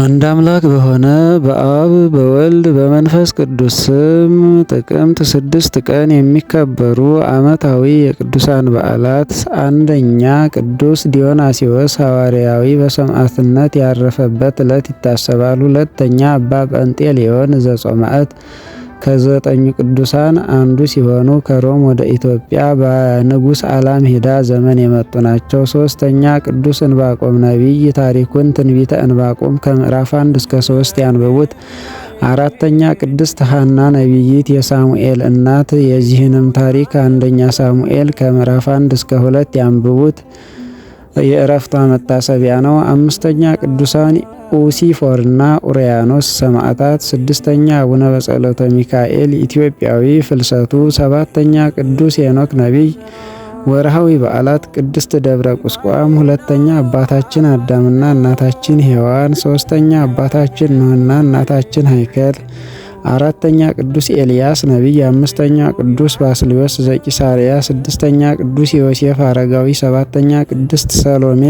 አንድ አምላክ በሆነ በአብ በወልድ በመንፈስ ቅዱስ ስም ጥቅምት ስድስት ቀን የሚከበሩ ዓመታዊ የቅዱሳን በዓላት፣ አንደኛ ቅዱስ ዲዮናሲዎስ ሐዋርያዊ በሰማዕትነት ያረፈበት ዕለት ይታሰባል። ሁለተኛ አባ ጰንጤሌዎን ዘጾማዕት ከዘጠኙ ቅዱሳን አንዱ ሲሆኑ ከሮም ወደ ኢትዮጵያ በንጉሥ ሄዳ ዘመን የመጡ ናቸው። ሶስተኛ ቅዱስ እንባቆም ነቢይ። ታሪኩን ትንቢተ እንባቆም ከምዕራፍ አንድ እስከ ሶስት ያንብቡት። አራተኛ ቅድስት ሐና ነቢይት የሳሙኤል እናት። የዚህንም ታሪክ አንደኛ ሳሙኤል ከምዕራፍ አንድ እስከ ሁለት ያንብቡት። የእረፍቷ መታሰቢያ ነው። አምስተኛ ቅዱሳን ኡሲፎርና ኡሪያኖስ ሰማዕታት። ስድስተኛ አቡነ በጸሎተ ሚካኤል ኢትዮጵያዊ ፍልሰቱ። ሰባተኛ ቅዱስ ሄኖክ ነቢይ። ወርሃዊ በዓላት ቅድስት ደብረ ቁስቋም፣ ሁለተኛ አባታችን አዳምና እናታችን ሔዋን፣ ሶስተኛ አባታችን ኖህና እናታችን ሀይከል አራተኛ ቅዱስ ኤልያስ ነቢይ፣ አምስተኛ ቅዱስ ባስልዮስ ዘቂሳርያ፣ ስድስተኛ ቅዱስ ዮሴፍ አረጋዊ፣ ሰባተኛ ቅድስት ሰሎሜ፣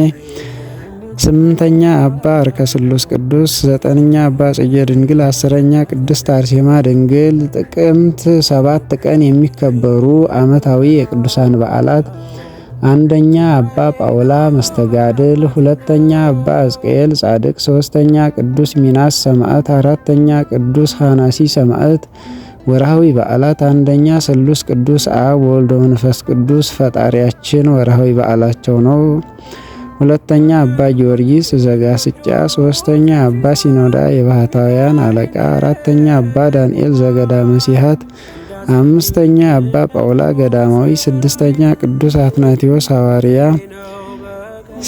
ስምንተኛ አባ አርከስሉስ ቅዱስ፣ ዘጠነኛ አባ ጽጌ ድንግል፣ አስረኛ ቅድስት አርሴማ ድንግል። ጥቅምት ሰባት ቀን የሚከበሩ ዓመታዊ የቅዱሳን በዓላት አንደኛ አባ ጳውላ መስተጋድል፣ ሁለተኛ አባ ሕዝቅኤል ጻድቅ፣ ሶስተኛ ቅዱስ ሚናስ ሰማዕት፣ አራተኛ ቅዱስ ሃናሲ ሰማዕት። ወርሃዊ በዓላት፣ አንደኛ ስሉስ ቅዱስ አብ ወልዶ መንፈስ ቅዱስ ፈጣሪያችን ወርሃዊ በዓላቸው ነው። ሁለተኛ አባ ጊዮርጊስ ዘጋስጫ፣ ሶስተኛ አባ ሲኖዳ የባህታውያን አለቃ፣ አራተኛ አባ ዳንኤል ዘገዳ መሲሐት አምስተኛ አባ ጳውላ ገዳማዊ፣ ስድስተኛ ቅዱስ አትናቴዎስ ሐዋርያ፣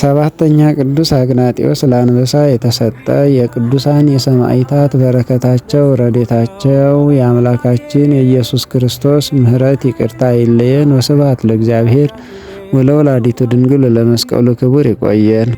ሰባተኛ ቅዱስ አግናጤዎስ ለአንበሳ የተሰጠ። የቅዱሳን የሰማዕታት በረከታቸው ረዴታቸው የአምላካችን የኢየሱስ ክርስቶስ ምሕረት ይቅርታ አይለየን። ወስብሐት ለእግዚአብሔር ወለወላዲቱ ድንግል ለመስቀሉ ክቡር ይቆየን።